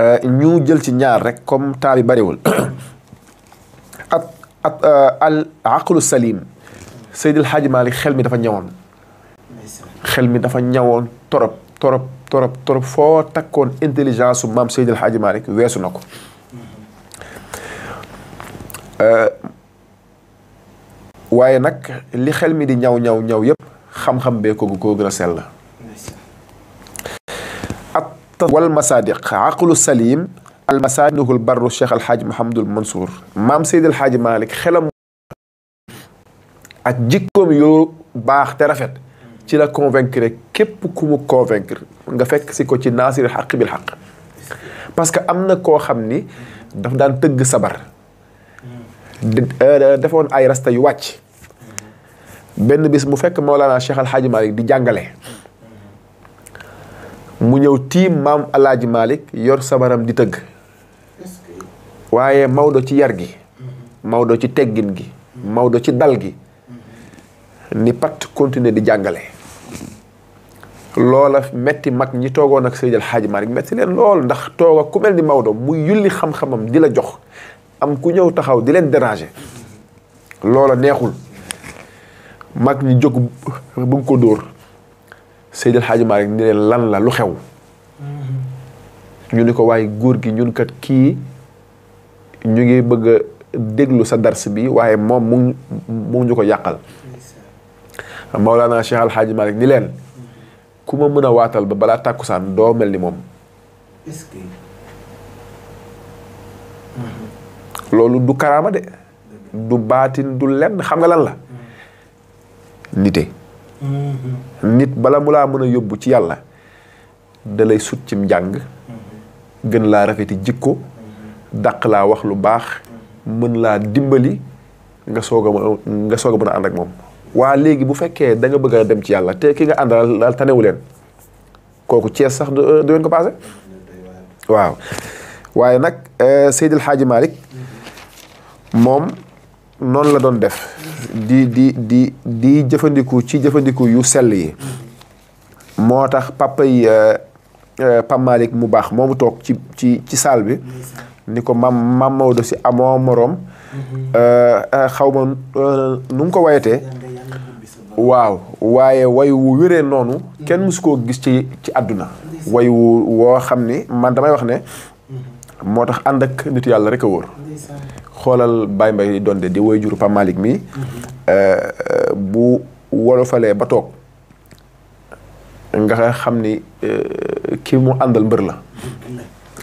Euh, ñu jël ci ñaar rekk comme temps bi bariwul at at euh, al aqlu salim Seydil Hadji Malick xel mi dafa ñawoon xel mi dafa ñawoon torop torop torop torop foo takkoon intelligence su maam Seydil Hadji Malick weesu na ko euh, waaye nag li xel mi di ñaw ñaw ñaw yépp xam-xam bee ko ko gën la والمصادق عقل السليم المصادق البر الشيخ الحاج محمد المنصور maam Seydi El Hadji Malick xelam ak jikkoom yu baax te rafet ci la convaincre képp ku mu convaincre nga fekk si ko ci naasir xaq bil xaq parce que am na koo xam ni daf daan tëgg sabar defoon ay rasta yu wàcc benn bis mu fekk Maolana Cheikh Al Hadji Malick di jàngale mu ñëw tiim maam alaaji Malick yor sabaram di tëgg waaye Maodo ci yar gi Maodo ci teggin gi Maodo ci dal gi ni pat continuer di jàngale loola metti mag ñi toogoon ak Seydi El Hadji Malick metti leen lool ndax toog ak ku mel ni Maodo mu yulli xam-xamam di la jox am ku ñëw taxaw di leen déranger loola neexul mag ñi jóg bëgg ko dóor Seydil Hadji Malick ni leen lan la lu xew ñu ni ko waaye góor gi ñun kat kii ñu ngi bëgg a déglu sa dars bi waaye moom mu mu ñu ko yàqal Maulana Cheikh Al Hadji Malick ni leen ku ma mën a waatal ba balaa tàkku tàkkusaan doo mel ni moom loolu du karaama de du baatin du lenn xam nga lan la mm. nite nit bala mu laa mën a yóbbu ci yàlla da lay sut cim njàng gën laa rafeti jikko dàq laa wax lu baax mën laa dimbali nga soog a nga soog a mën a ànd ak moom waa léegi bu fekkee da nga bëgg a dem ci yàlla te ki nga ànd daal tanewu leen kooku Cees sax du leen ko passé waaw waaye nag eh, Seydil Hadji Malick moom noonu la doon def di di di di jëfandiku ci jëfandiku yu sell yi moo tax papa yi euh, euh, Pape mu baax moomu toog ci ci ci saal bi ni ko mam mam Maodo si amoo moroom euh, xaw ma nu mu ko wayatee waaw waaye wayu wu wéree noonu kenn mësu koo gis ci ci àdduna wayu woo xam ni man damay wax ne moo tax ànd ak nit yàlla rek a wóor xoolal Baye Mbaye Donde di woy juru Pape Malick mi mhm. bu wolofalee ba toog nga xam ni e, kii mu àndal mbër la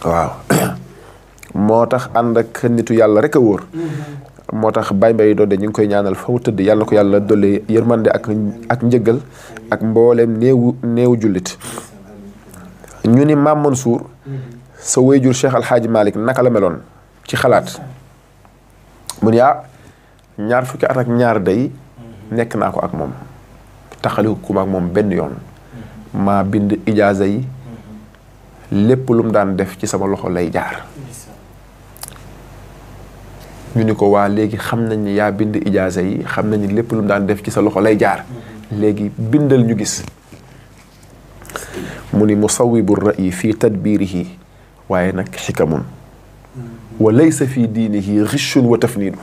waaw moo tax ànd ak nitu yàlla rek a wóor mhm. moo tax Baye Mbaye Donde ñu ngi koy ñaanal fa mu tëdd yàlla ko yàlla dolli yërmande ak ak njëgal ak mbooleem néewu néewu jullit ñu ni Mame Mansour mhm. sa wayjur Cheikh Al Hadj naka la meloon ci xalaat mu ne ah ñaar fukki at ak ñaar day nekk naa ko ak moom taxaliku kuma ak moom benn yoon maa bind ijaaza yi lépp lu daan def ci sama loxo lay jaar ñu ni ko waa léegi xam nañ ni yaa bind ijaaza yi xam nañ lépp lu daan def ci sa loxo lay jaar léegi bindal ñu gis mu ni musawwibu ra'yi fii tadbiirihi waaye nag xikamun wa laysa fi diinihi richun nii tafniidu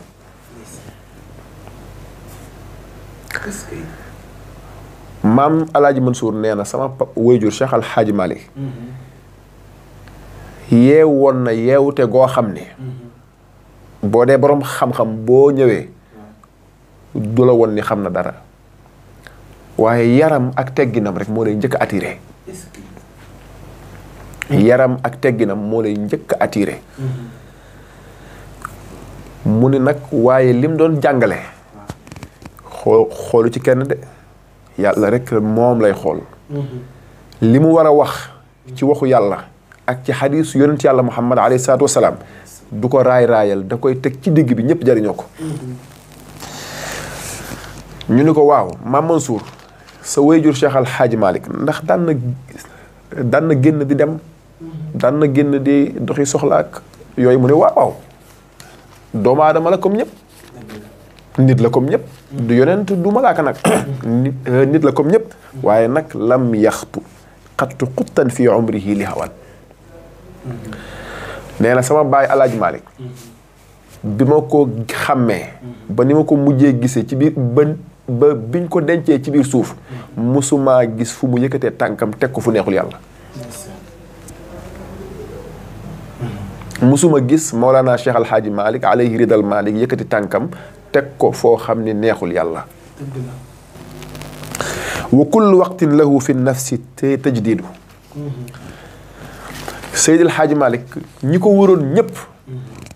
maam alaaji Mansour nee na sama wayjur Cheikh Alxaaji Malik yeew woon na yeewute goo xam ne boo dee boroom xam-xam boo ñëwee du la woon ni xam na dara waaye yaram ak tegginam rek moo lay njëkk attiré yaram ak tegginam moo lay njëkk a mu ni nag waaye lim doon jàngale. xool xoolu ci kenn de yàlla rek moom lay xool. li mu war a wax. ci waxu yàlla. ak ci xadiis yonent yàlla muhammad alayhi salaatu wa salaam. du ko raay raayal da koy teg ci digg bi ñëpp jariñoo ko. ñu ni ko waaw maam Mansour sa wéyjur Cheikh Al Hadj Malick ndax daan na daan na génn di dem. daan na génn di doxi soxla yooyu mu ne waaw waaw doomu aadama la comme ñëpp nit la comme ñëpp du yonent du euh, la comme ñëpp waaye nag lam yaxtu xattu xuttan fi umrihi li hawan nee na sama baay alaaj bi ma ko xàmmee ba ni ma ko mujjee gisee ci biir ba ba biñ ko dencee ci biir suuf musumaa gis fu mu yëkkatee tànkam teg ko fu neexul yàlla musuma gis Maulana Cheikh Al Hadj Malick alayhi ridal Malick yëkkati tànkam teg ko foo xam ni neexul yàlla. wa kullu waqtin lahu fi nafsi te tajdidu. Seydil Hadj Malick ñi ko wëroon ñëpp.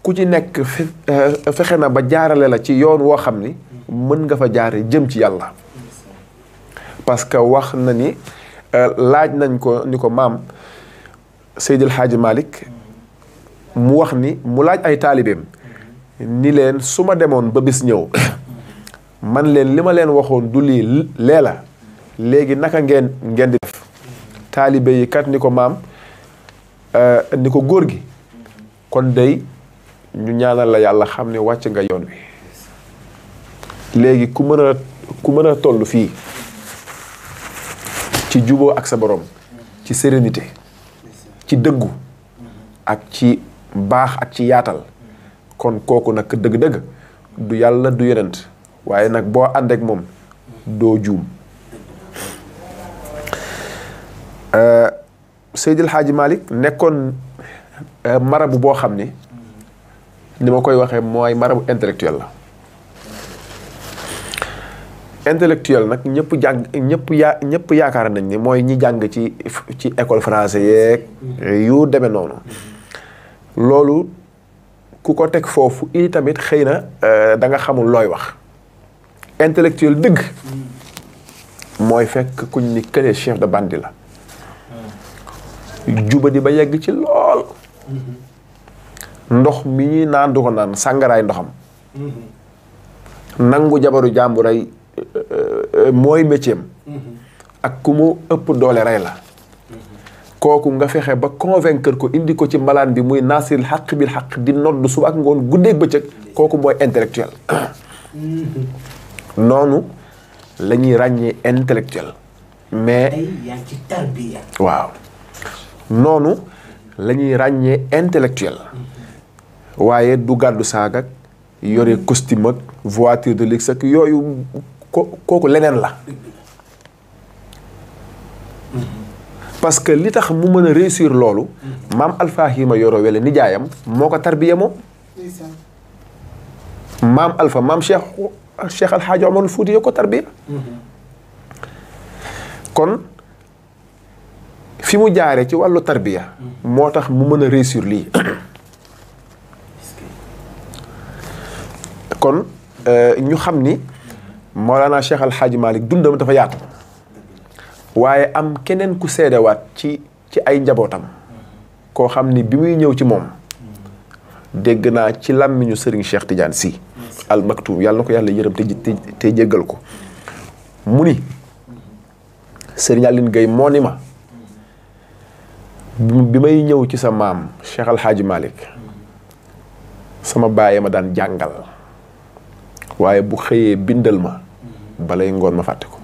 ku ci nekk euh, fexe na ba jaarale la ci yoon woo xam ni. mën nga fa jaar jëm ci yàlla. parce que wax na ni euh, laaj nañ ko ni ko maam Seydil Hadj Malick. mu wax ni mu laaj ay taalibeem ni leen su ma demoon ba bis ñëw man leen li ma leen waxoon du lii lee la léegi naka ngeen ngeen di def taalibe yi kat ni ko maam euh, ni ko góor gi kon dey ñu ñaanal la yàlla xam ne wàcc nga yoon wi léegi ku mën ku mën a toll fii ci juboo ak sa borom ci sérénité ci dëggu ak ci bax ak ci yaatal kon koku nak deug deug du yalla du yonent waye nak bo ande ak moom doo juum euh, seydil xaaji malik nekkon euh, marabu bo xamni nima koy waxe moy marabu intellectuel la intellectuel nak ñepp jang ñepp ya ñepp yaakar nañ ni moy ñi jang ci ci école français yeeg yu demee noonu loolu ku ko teg foofu i tamit xëy na euh, da nga xamul looy wax intellectuel dëgg mooy fekk kuñ ni kële chef de bande la hmm. juba jubadi ba yegg ci lool hmm. ndox mi ñuy naan du ko naan sàngaraay ndoxam hmm. nangu jabaru jàmburay euh, euh, mooy métier ak ku mu ëpp doole rey la kooku nga fexe ba convaincre ko indi ko ci mbalaan bi muy naasiril xaq bi xaq di nodd suba ak ngoon guddeeg bëccëg kooku mooy intellectuel mm-hmm. noonu la ñuy ràññee intellectuel mais waaw noonu la ñuy ràññee intellectuel mm-hmm. waaye du gàddu saagak yore costume ak voiture de luxe ak yooyu kooku leneen la mm-hmm. parce que li tax mu mën réussir lolu mam Alpha Hima Yoro Wele ni moo moko tarbiya mom mam Alpha mam Cheikh Cheikh Al Hadj Omar Fouti yo ko tarbiya kon fi mu jaaree ci walu tarbiya motax mu mën réussir li kon ñu xamni مولانا شيخ الحاج مالك Hadj Malick dundam dafa waaye am keneen ku seedewaat ci ci ay njabootam koo xam ni bi muy ñëw ci moom dégg naa ci làmmiñu sëriñ Cheikh Tidiane si al yàlla na ko yàlla yërëm te te jéggal ko mu ni sëriñ Aline Gueye moo ni ma bi may ñëw ci sa maam Cheikh Al Hadj sama bàyyi ma daan jàngal waaye bu xëyee bindal ma balay ngoon ma fàtte ko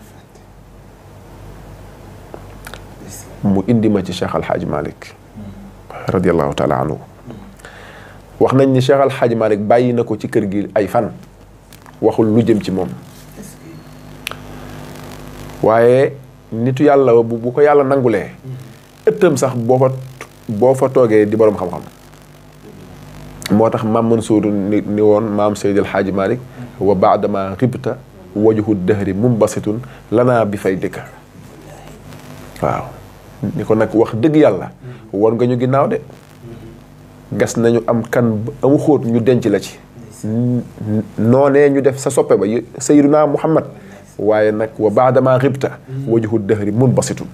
mu indi ma ci Cheikh Alhaaj Malick radiallahu taala anhu wax nañ ni Cheikh Alhaaj Malick bàyyi na ko ci kër gi ay fan waxul lu jëm ci moom waaye nitu yàlla bu bu ko yàlla nangulee ëttam sax boo fa toogee di boroom xam-xam moo tax maam Mansuur ni ni woon maam Seydi Alxaaji Malik wa baadama ribta wajhu dëhri mumbasitun lanaa bi fay dëkk waaw ni ko nag wax dëgg yàlla mm-hmm. war nga ñu ginnaaw de mm-hmm. gas nañu am kan amu xóot ñu denc la ci noonee ñu def sa soppe ba naa muhammad waaye nag wa baadama ribta mm-hmm. wajuhu dëhri mun basitun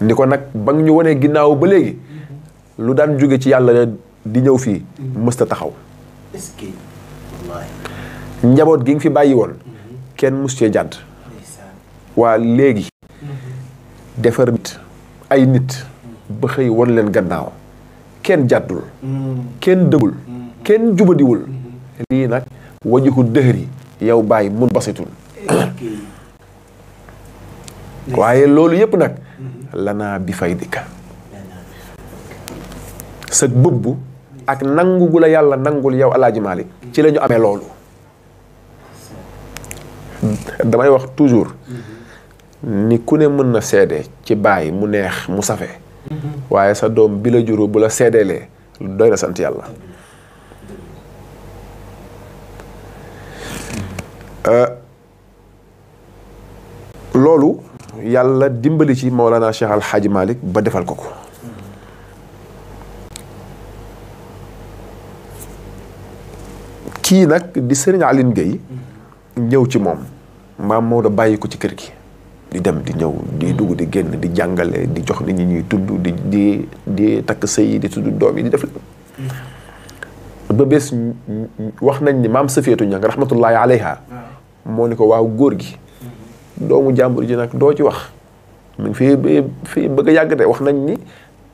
ni ko nag ba ñu wanee ginnaaw ba léegi lu daan jóge ci yàlla di ñëw fii mësta taxaw njaboot gi nga fi bàyyi woon kenn mus cee jàdd waa léegi defar ay nit ba xëy wan leen gannaaw kenn jàddul kenn dëggul kenn jubadiwul lii nag wajuhu dëhëri yow bàyyi mun basitul waaye loolu yépp nag lanaa bi fay dikka sa bëbb ak nangu gu la yàlla nangul yow alaaji Maalik ci lañu amee loolu damay wax toujours ni ku ne mën na seede ci baay mu neex mu safee mhm. waaye sa doom bila la bu la seedeelee doy na sant yàlla euh, loolu yàlla dimbali ci Maolana Cheikh Al Hadj Malick ba defal ko ko kii nag di Serigne Aline Gueye mhm. ñëw ci moom maam Maodo bàyyi ko ci kër gi di dem di ñëw di dugg di génn di jàngale di jox nit ñi ñuy tudd di di di takk sëy di tudd doom yi di def mm-hmm. ba bés wax nañ ni maam Safiyetu Ñang rahmatullahi alayha moo ni ko waaw góor gi mm-hmm. doomu jàmbur ji nag doo ci wax mu ngi fii fii bëgg a yàgg de wax nañ ni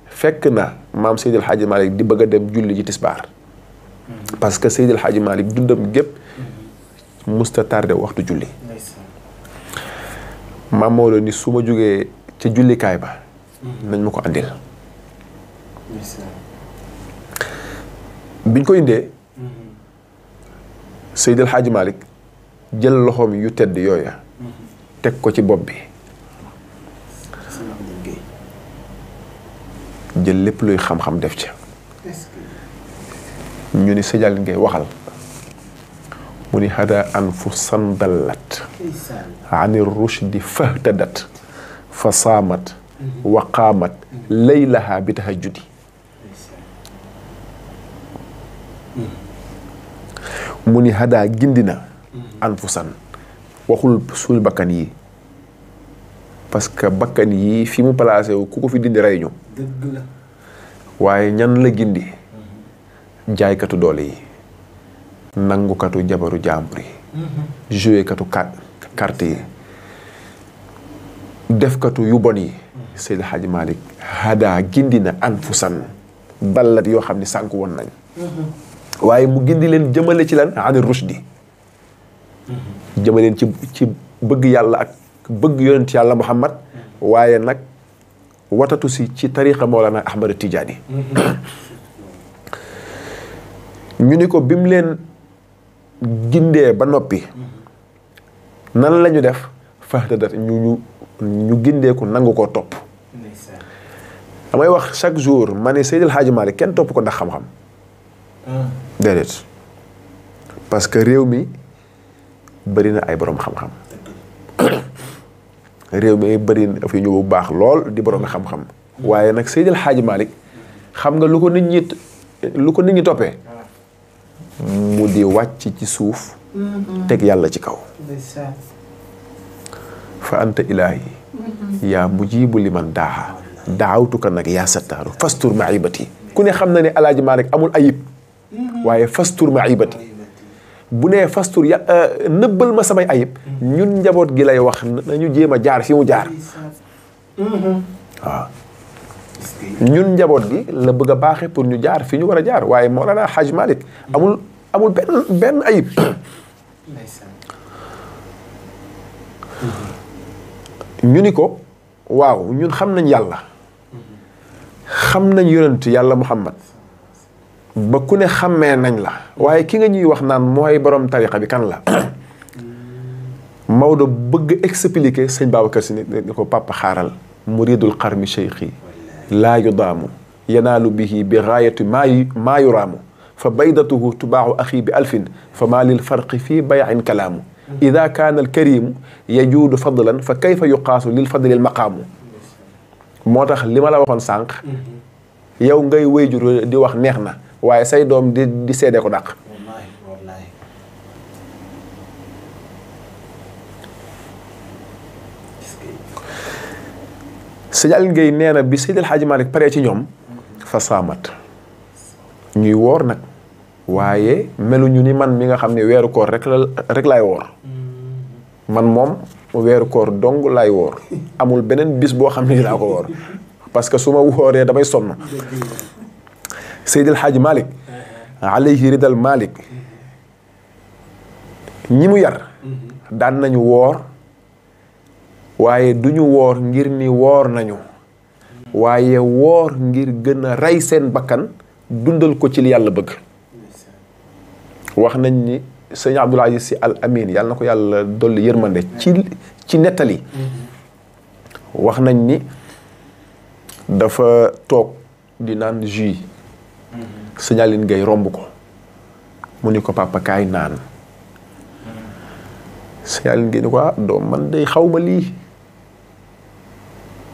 fekk na maam Seydil Hadji Malick di bëgg a dem julli ji tisbaar mm-hmm. parce que Seydil Hadji du dem gépp musta tardé waxtu julli maam Maodo ni su ma jógee ca jullikaay ba nañ ma ko andil biñ ko indee Seydi El Hadji Malick jël loxoom yu tedd yooya teg ko ci bopp bi jël lépp luy xam-xam def ca ñu ni Seydi Aliou Gueye waxal mu ni hada anfusan dallat ani rushdi fahtadat fa saamat wa qaamat laylaha bi tahajjudi mu ni hada gindina anfusan waxul suñu bakkan yi parce que bakkan yi fi mu placé wu ku ko fi dindi rey ñu waaye ñan la gindi jaaykatu doole yi nangukatu jabaru jàmbur yi mm-hmm. joué katu carte defkatu yu bon yi mm-hmm. Seydi Hadji Malick hada gindi na anfusan ballat yoo xam ne sànk woon nañ mm-hmm. waaye mu gindi leen jëmale ci lan ani rushdi jëmaleen ci bëgg yàlla ak bëgg yonent yàlla Muhammad waaye nag watatu si ci tariqa Mawlana Ahmad Tijaani ñu ni ko bim leen ginde ba nopi nan lañu def fahtadat ñu ñu ko nang ko top amay wax chaque jour mané seydil hadji malik ken top ko ndax xam-xam ah. dedet parce que rew mi bari na ay borom xam-xam rew mi bari na fi ñu bu baax lool di borom xam-xam waye nak seydil hadji malik xam nga lu ko nit ñi lu ko nit ñi topé mu di wacc ci suuf mm-hmm. tek yalla ci kaw fa anta ilahi mm-hmm. ya mujibu liman daha daawtuka nak ya sattaru fastur maibati ku ne xamna ni ne malik amul ayib mm-hmm. waye fastur maibati bu ne fastur ya euh, nëbbal ma samay ayib ñun njabot gi lay wax nañu jema jaar fi mu jaar ñun njabot gi la bëgg baaxé pour ñu jaar fi ñu wara jaar waye molana haj malik amul amul benn ayib. ñu ni ko waaw ñun xam nañ yàlla. xam nañ yonent yàlla Muhammad ba ku ne xàmmee nañ la waaye ki nga ñuy wax naan mooy borom tariqa bi kan la Maodo bëgg expliquer sëñ Babacar Si ni ko papa xaaral muridul xarmi cheikhi laa yudaamu yanaalu bihi bi gaayatu maa yuraamu fa baydatuhu tubaaxu axi bi alfin fa maa lil farqi fii bayain kalaamu ida kaana al karimu yajuudu fadlan fa kayfa yuqaasu lil fadlil maqaamu moo tax li ma la waxoon sànq yow ngay wéyjur di wax neex na waaye say doom di di seede ko dàq sëñ Aliou Guèye nee na bi Seydi El Hadji Malick paree ci ñoom fa saamat ñuy woor nag waaye ñu ni man mi nga xam ne koor rek la rek lay wor man mom, weeru koor dong lay wor amul benen bis bo xam la ko woor parce que suma woré damay son seydil xaaji malik alayhi ridal malik ñi mu yar daan nañu wor waaye duñu wor ngir ni wor nañu waaye wor ngir gëna ray sen bakkan dundal ko ci li bëgg wax nañ ni sëñ Abdoul Aziz Sy Al Amin yàlla na ko yàlla dolli yërmande ci mm-hmm. ci nettali mm-hmm. wax nañ ni dafa toog di naan jus mm-hmm. sëñalin gay romb ko mu ni ko papa kaay naan sëñaalin gay ni ko ah doom man day xaw ma lii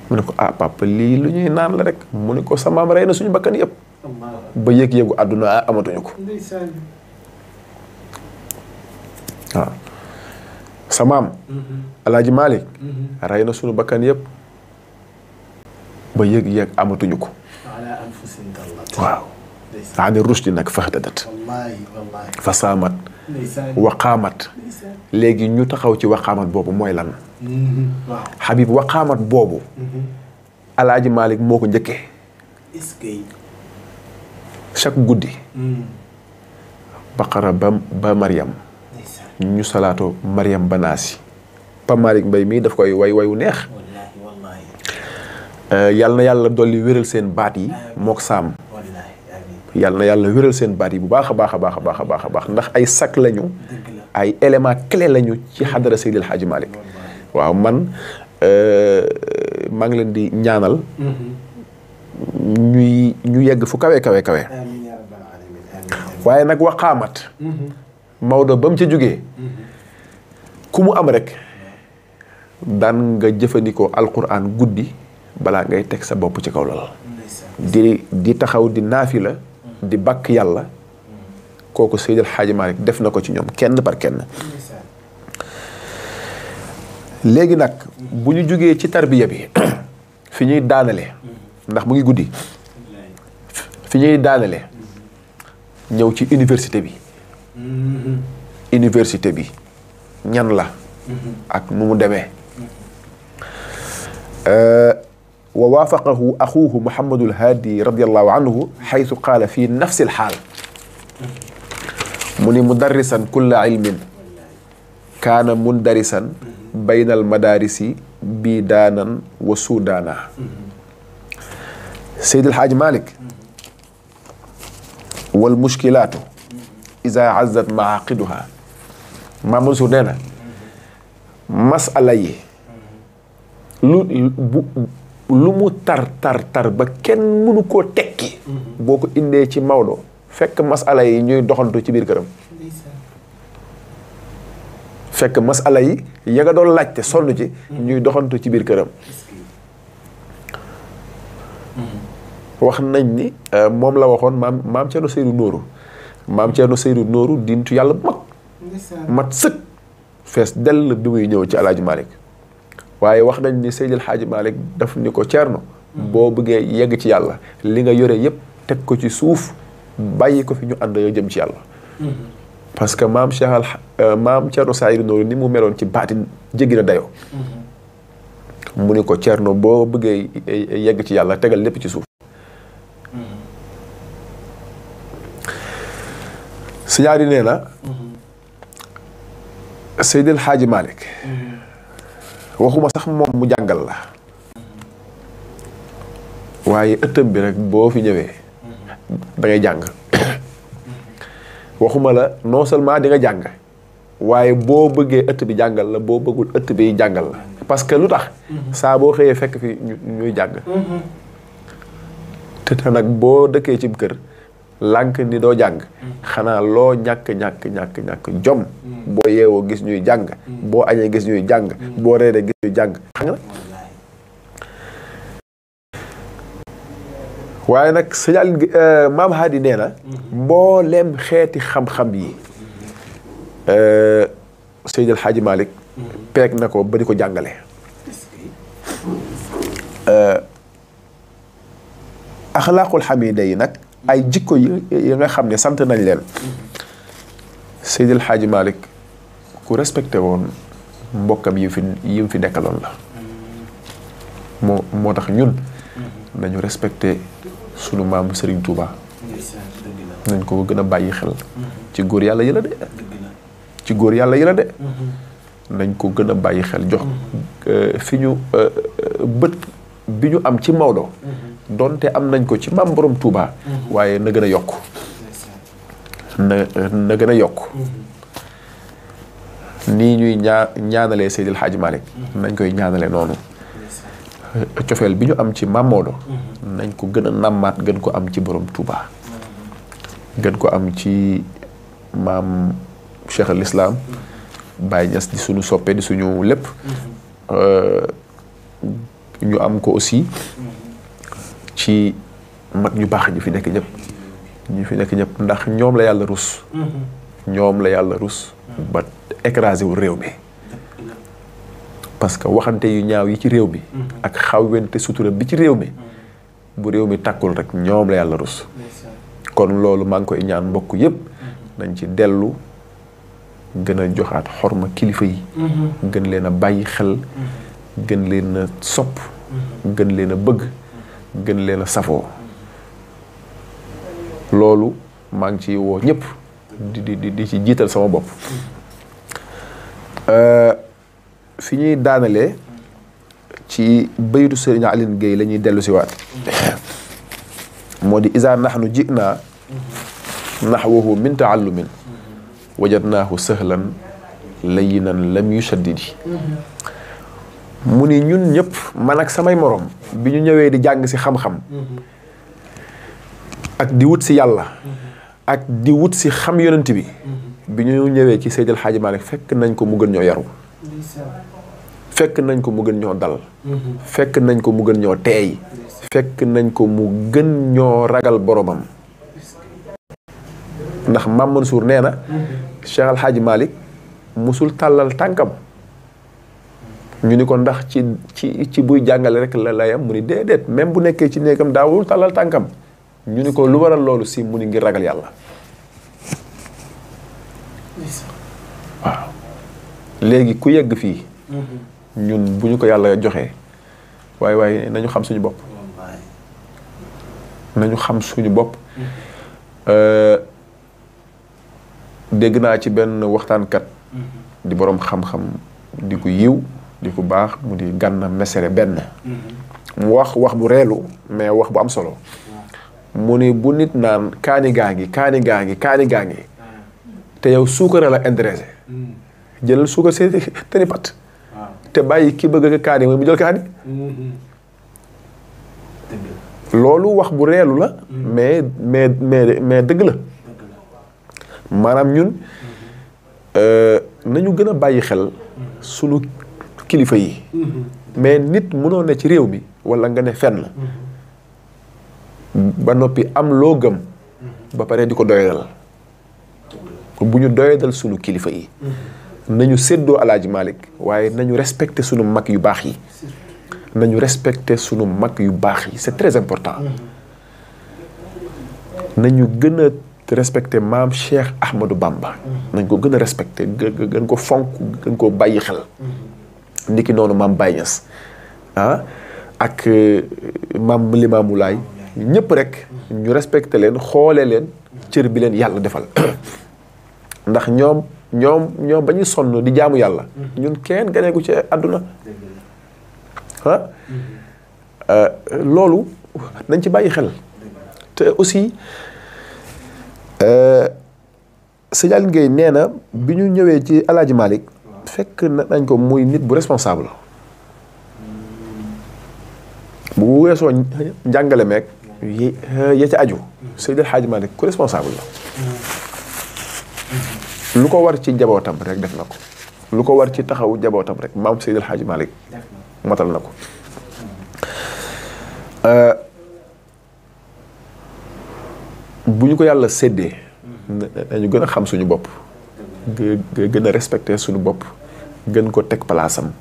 mu ne ko ah papa lii lu ñuy naan la rek mu ni ko sa maam rey na suñu bakkan yëpp ba yëg-yëgu àdduna ah, amatuñu ko waaw sa maam. Mm-hmm. Alaaji Malick. Mm-hmm. rey na sunu bakkan yëpp ba yëg yëg amatuñu ko. waaw. ani rushdi nag fahdadat fasaamat waqaamat léegi ñu taxaw ci waqaamat boobu mooy lan mm-hmm. Habib waqaamat boobu alaaji Malick moo ko njëkkee chaque guddi mm. baqara ba ba Mariam ñu salaatoo Mariam Banaasi Pa Malick Mbaye mii daf koy way wayu neex euh, yàlla na yàlla dolli wéral seen baat yi mook saam yàlla na yàlla wéral seen baat yi bu baax a baax a baax a baax baax a baax ndax ay sac lañu ay élément clé lañu ci xadara Seydil Hadji Malick waaw man euh, maa ngi leen di ñaanal mm-hmm. ñuy ñu yegg fu kawe kawe kawe waaye nag waxaamat mm-hmm. Maodo ba mu ca jógee ku mu am rek daan nga jëfandikoo alquran guddi balaa ngay teg sa bopp ci kaw lal di di taxaw di naafi la di bakk yàlla kooku Seydil Hadji def na ko ci ñoom kenn par kenn léegi nag bu ñu jógee ci tarbiya bi fi ñuy daanale ndax mu ngi guddi fi ñuy daanale ñëw ci université bi université bi ñan la ak nu mu demee wa waafaqahu axuuhu muhammadu alhaadi radiallahu anhu xaytu qaala fi nafsi alxaal mu ni mudarrisan kulla ilmin kaana mundarisan bayna almadaarisi bi daanan wa sudaana سيد الحاج مالك والمشكلات isa azat maaqiduha Mamour Sow nee na masala yi lu lu mu tar tar tar ba kenn mënu koo tekki boo ko indee ci Maodo fekk masala yi ñuy doxantu ci biir këram fekk masala yi ya nga doon laajte sonn ci ñuy doxantu ci biir këram wax nañ ni moom la waxoon maam maam Thierno Seydou Nourou maam Thierno Seydou Nooru dintu yàlla bu mag. mat sëkk fees dell bi muy ñëw ci El Hadj waaye wax nañ ni Seydil Hadj Malick daf ni ko Thierno. Hmm. boo bëggee yegg ci yàlla li nga yore yëpp teg ko ci suuf bàyyi ko fi ñu ànd yoo ci yàlla. Hmm. parce que maam Cheikh Al euh, maam Thierno Seydou Nooru ni meloon ci baatin jéggi na dayoo. Hmm. ko Thierno boo bëggee yegg ci yàlla tegal lépp ci suuf. siñaari nee na Seydil Xaaji Malick waxuma sax moom mu jàngal la waaye ëttam bi rek boo fi ñëwee da ngay jàng waxuma la non seulement dinga jàng waaye boo bëggee ëtt bi jàngal la boo bëggul ëtt bi jàngal la parce que lu tax saa boo xëyee fekk fi ñuy jàng mm-hmm. te nag boo dëkkee ci kër lànk ni doo jàng xanaa loo ñàkk-ñàkk-ñàkk-ñàkk jom boo yeewoo gis ñuy jàng boo añee gis ñuy jàng boo reeree gis ñuy jàng xam nag waaye nag sëñal euh, maam Hadi nee na mbooleem xeeti xam-xam yi euh, Seydil Hadji Malick peeg na ko ba jàngale euh, axlaaqul xamida yi nag ay jikko yi yi nga xam ne sant nañ leen Seydi El Hadji ku respecté woon mbokkam yi fi yi mu fi nekkaloon la moo moo tax ñun nañu respecté sunu maamu Serigne Touba nañ ko gën a bàyyi xel ci góor yàlla yi de ci góor yàlla yi la de nañ ko gën a bàyyi xel jox euh, fi ñu euh, euh, bët bi ñu am ci Maodo donte am nañ ko ci maam boroom Touba. Mhm. waaye na gën a yokk na na gën a yokk mhm. nii ñuy ñaa ñaanale Seydil Hadji Malick mhm. nañ koy ñaanale noonu cofeel bi ñu am ci Maam Maodo nañ ko gën a nàmmaat gën ko am ci borom Touba gën ko am ci maam Cheikh al Islam Baye Niass di suñu soppe di suñu lépp euh, ñu am ko aussi ci mag ñu baax ñu fi nekk ñëpp ñu fi nekk ñëpp ndax ñoom la yàlla rus mm-hmm. ñoom la yàlla rus mm-hmm. ba écrasé wu réew mi parce que waxante yu ñaaw yi ci réew mi mm-hmm. ak xawwente sutura bi ci réew mi bu réew mi takkul rek ñoom la yàlla rus kon loolu maa ngi koy ñaan mbokk yëpp nañ ci dellu gën a joxaat xorma kilifa yi gën leen a bàyyi xel gën leen a sopp gën leen a bëgg gën leen a safoo loolu maa ngi ciy woo ñëpp di di di ci jiital sama bopp euh, fi ñuy daanalee ci baytu Serigne Aline Gueye la ñuy dellu si moo di isa naxnu ji naa naxwahu min taallumin wajadnaahu sahlan layinan lam yushaddidi mm-hmm. mu ni ñun ñëpp man ak samay moroom bi ñu ñëwee di jàng si xam-xam ak di wut si yàlla ak di wut si xam yonent bi bi ñu ñëwee ci Seydil Hadji Malick fekk nañ ko mu gën ñoo yaru fekk nañ ko mu gën ñoo dal fekk nañ ko mu gën ñoo teey fekk nañ ko mu gën ñoo ragal boromam ndax Mame Mansour nee na Cheikh Al Hadji Malick musul tàllal tànkam ñu ni ko ndax ci ci ci buy jàngale rek la layam mu ni déedéet même bu nekkee ci néegam daawul talal tànkam ñu ni ko lu waral loolu si mu ni ngir ragal yàlla waaw léegi ku yegg fii mm-hmm. ñun bu ñu ko yàlla joxee waaye waaye nañu xam suñu bopp nañu xam suñu bopp mm-hmm. euh, dégg naa ci benn kat mm-hmm. di borom xam-xam di ko yiw di ku bax mu di ganna mesere ben, mm-hmm. mu wax wax bu relu mais wax bu am solo mu ni bu nit nan kani gaa kani gangi kani ngi te yow sukara la intéressé mm-hmm. jëlal suukar seen tani pat te bayyi ki bëgg ak kaani mu jël kani mm-hmm. loolu wax bu relu la mais mais mais deug la manam ñun euh, nañu gëna bayyi xel sunu kilifa yi. Mm-hmm. mais nit mënoo ne ci réew mi wala nga ne fenn. Mm-hmm. ba noppi am loo gëm. Mm-hmm. ba pare di ko doyadal. bu ñu doyadal sunu kilifa yi. nañu séddoo alaaji Malick waaye nañu respecté sunu mag yu baax yi. nañu respecté sunu mag yu baax yi c'est très important. nañu gën a respecté maam Cheikh Ahmadou Bamba. nañ ko gën a respecté gën ko fonk gën koo bàyyi xel. ndikki noonu maam Baye Niass ah ak euh, maam Limaamu Laay ñëpp rek ñu respecté leen xoolee leen cër bi leen yàlla defal ndax ñoom ñoom ñoom ba ñu sonn di jaamu yàlla ñun kenn ganeeku ci àdduna ah? euh, loolu nañ ci bàyyi xel te aussi euh, Sëñ Aline Gueye nee na bi ñu ñëwee ci Alaaji Malick fekk na dañ ko muy nit bu responsable bu weesoo njàngale meeg eh, ya ca aju Seydi El Hadji Malick ku responsable la lu ko war ci njabootam rek def na ko lu ko war ci taxawu njabootam rek maam Seydi El Hadji Malick matal na ko eh, bu ñu ko yàlla séddee dañu gën a xam suñu bopp gën a respecter suñu bopp gën ko teg palaasam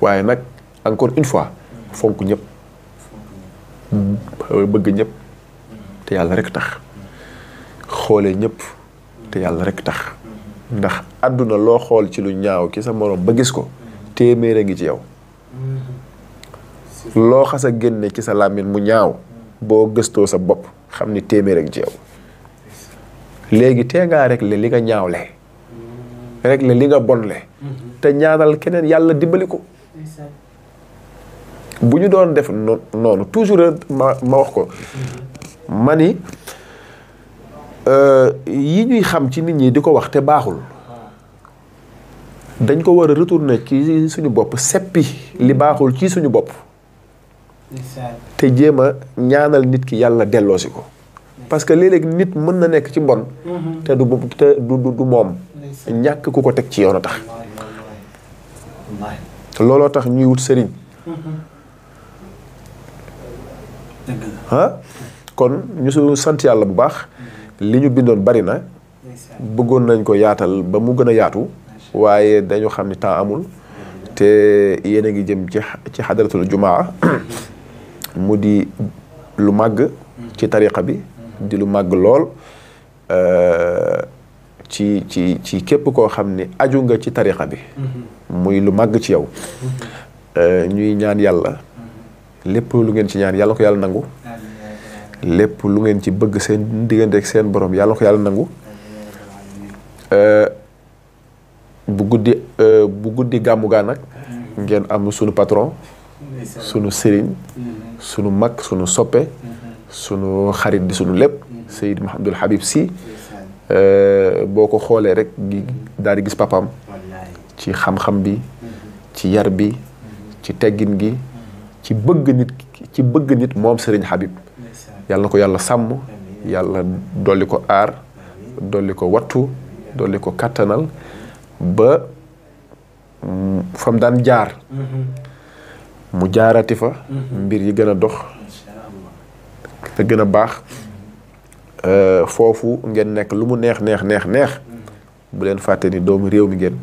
waaye nag encore une fois fonk ñëpp bëgg ñëpp te yàlla rek tax xoolee ñëpp te yàlla rek tax ndax àdduna loo xool ci lu ñaaw ci sa moroom ba gis ko téeméer a ngi ci yow loo xas a génne ci sa làmmiñ mu ñaaw boo gëstoo sa bopp xam ni téeméer a ngi ci yow léegi tee ngaa régler li nga ñaawle régler li nga bonle mm-hmm. te ñaanal keneen yàlla dimbali ko bu ñu doon def noonu toujours ma ma wax ko mm-hmm. mani ni euh, yi ñuy xam ci nit ñi di ko wax te baaxul ah. dañ ko war a retourner ci suñu bopp seppi li baaxul ci suñu bopp te jéem a ñaanal nit ki yàlla delloosi ko parce que léeg nit mën na nekk ci bon. Mhm. te du te du du moom. ñàkk ku ko teg ci yoon a tax. looloo tax ñuy wut sëriñ. Mhm. kon ñu su sant yàlla bu baax. Mhm. li ñu bindoon bari na. bëggoon nañ ko yaatal ba mu gën a yaatu. waaye dañu xam ni temps amul. te yéen a ngi jëm ci ci xadaratul jumaa mu di lu màgg. ci tariqa bi. di lu màgg lool euh, ci ci ci képp koo xam ni aju nga ci tarixa bi mm-hmm. muy lu màgg ci yow mm-hmm. euh, ñuy ñaan yàlla mm-hmm. lépp lu ngeen ci ñaan yàlla yàlla nangu lépp lu ngeen ci bëgg seen diggante ak seen boroom yàlla yàlla nangu bu guddi euh, bu gàmmu gaa nag ngeen am sunu patron sunu sëriñ sunu mag sunu soppe sunu xarit bi sunu lépp mm. Seyid Mahamadul Habib si euh, boo ko xoolee rek daal di gis papaam ci xam-xam bi mm-hmm. ci yar bi mm-hmm. ci teggin gi mm-hmm. ci bëgg nit ci bëgg nit moom Serigne Habib yàlla ko yàlla sàmm yàlla dolli ko aar dolli ko wattu dolli ko kattanal ba mm, fam daan jaar mu jaarati fa mbir yi gën a dox te gën a baax euh, foofu ngeen nekk lu mu neex neex neex neex bu leen fàtte ni doomu réew mi ngeen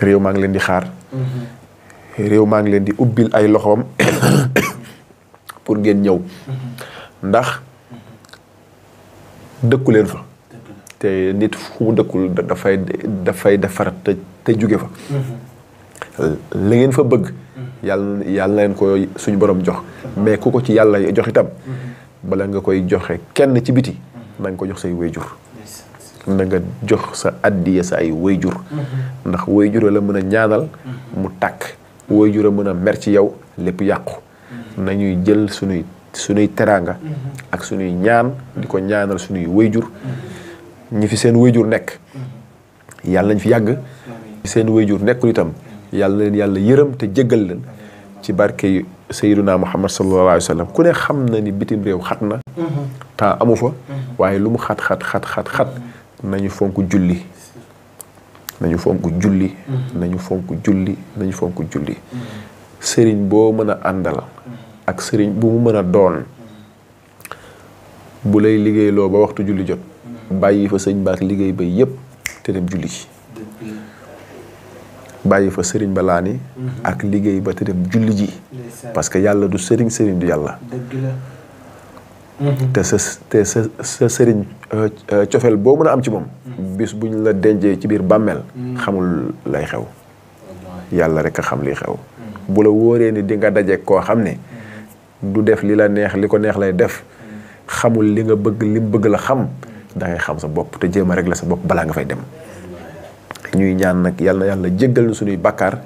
réew maa ngi leen di xaar réew maa ngi leen di ubbil ay loxoom pour ngeen ñëw ndax dëkku fa te nit fu mu dëkkul dafay defar te te jóge fa mhm. la ngeen fa bëgg yàlla yàlla leen ko suñu boroom jox mais ku ko ci yàlla jox itam mm-hmm. bala nga koy joxe kenn ci biti mm-hmm. na ko jox say wéyjur na nga jox sa addiya sa ay wéyjur mm-hmm. ndax wéyjur la mën a ñaanal mu tàkk wéyjur a mën a mer ci yow lépp yàqu nañuy jël suñuy suñuy teraanga ak suñuy ñaan di ko ñaanal suñuy wéyjur ñi fi seen wéyjur nekk yàlla nañ fi yàgg seen wéyjur nekkul itam yàlla leen yàlla yërëm te jéggal leen ci barke yi sayyiduna muhammad sallallahu alayhi wa sallam ku ne xam na ni bitim réew xat na temps amu fa waaye lu mu xat xat xat xat nañu fonk julli nañu fonk julli fonk julli nañu fonk julli sëriñ boo mën a àndal ak sëriñ bu mu mën a doon bu lay liggéeyloo ba waxtu julli jot bàyyi fa sëñ baak liggéey ba yépp te dem julli ci bàyyi fa sëriñ ba laani mhm. ak liggéey ba te dem julli ji parce que yàlla du sëriñ sëriñ du yàlla mhm. te sa te sa sa sëriñ euh, euh, cofeel boo mën a am ci moom mhm. bis buñ la dencee ci biir bàmmeel xamul lay xew yàlla rek a xam liy xew bu la wóoree ni di nga daje koo xam ne du def li la neex li ko neex lay def xamul li nga bëgg li bëgg la xam da ngay xam sa bopp te jéem a la sa bopp balaa nga fay dem ñuy ñaan nag yal na yàlla jéggal ñu suñuy bakkaar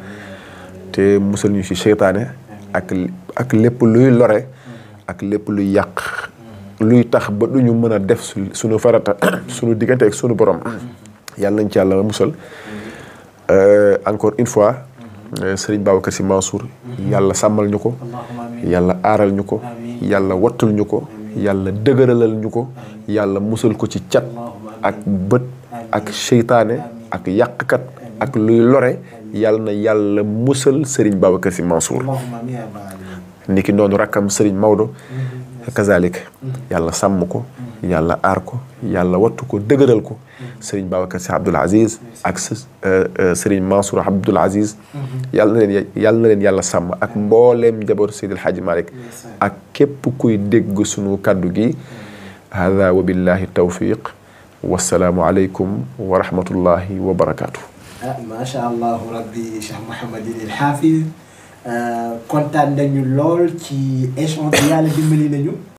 te musal ñu ci seytaane ak ak lépp luy lore ak lépp luy yàq luy tax ba du ñu mën a def suñu farata suñu diggante ak suñu borom yàlla nañ ci yàlla musal euh, encore une fois euh, Serigne Babacar Sy Mansour yàlla sàmmal ñu ko yàlla aaral ñu ko yàlla wattul ñu ko yàlla dëgëralal ñu ko yàlla musal ko ci cat ak bët ak seytaane ak yàqkat ak luy lore yal na yàlla musal Serigne Babacar Sy Mansour niki noonu rakkam Serigne Maodo mm-hmm. kazalik mm-hmm. yàlla sàmm ko mm-hmm. yàlla aar ko yàlla wattu ko dëgëral ko Serigne Babacar Sy Abdoul Aziz ak euh, euh, Serigne Mansour Abdoul Aziz yàlla na leen yàlla na leen yàlla sàmm ak mbooleem njabootu Seydil Hadji Malick ak képp kuy dégg sunu kàddu gi hada wa billahi tawfiq والسلام عليكم ورحمة الله وبركاته آه، ما شاء الله ربي شاء محمد الحافظ آه، kontaan nañu lool ci échange yàlla dimbali نجوم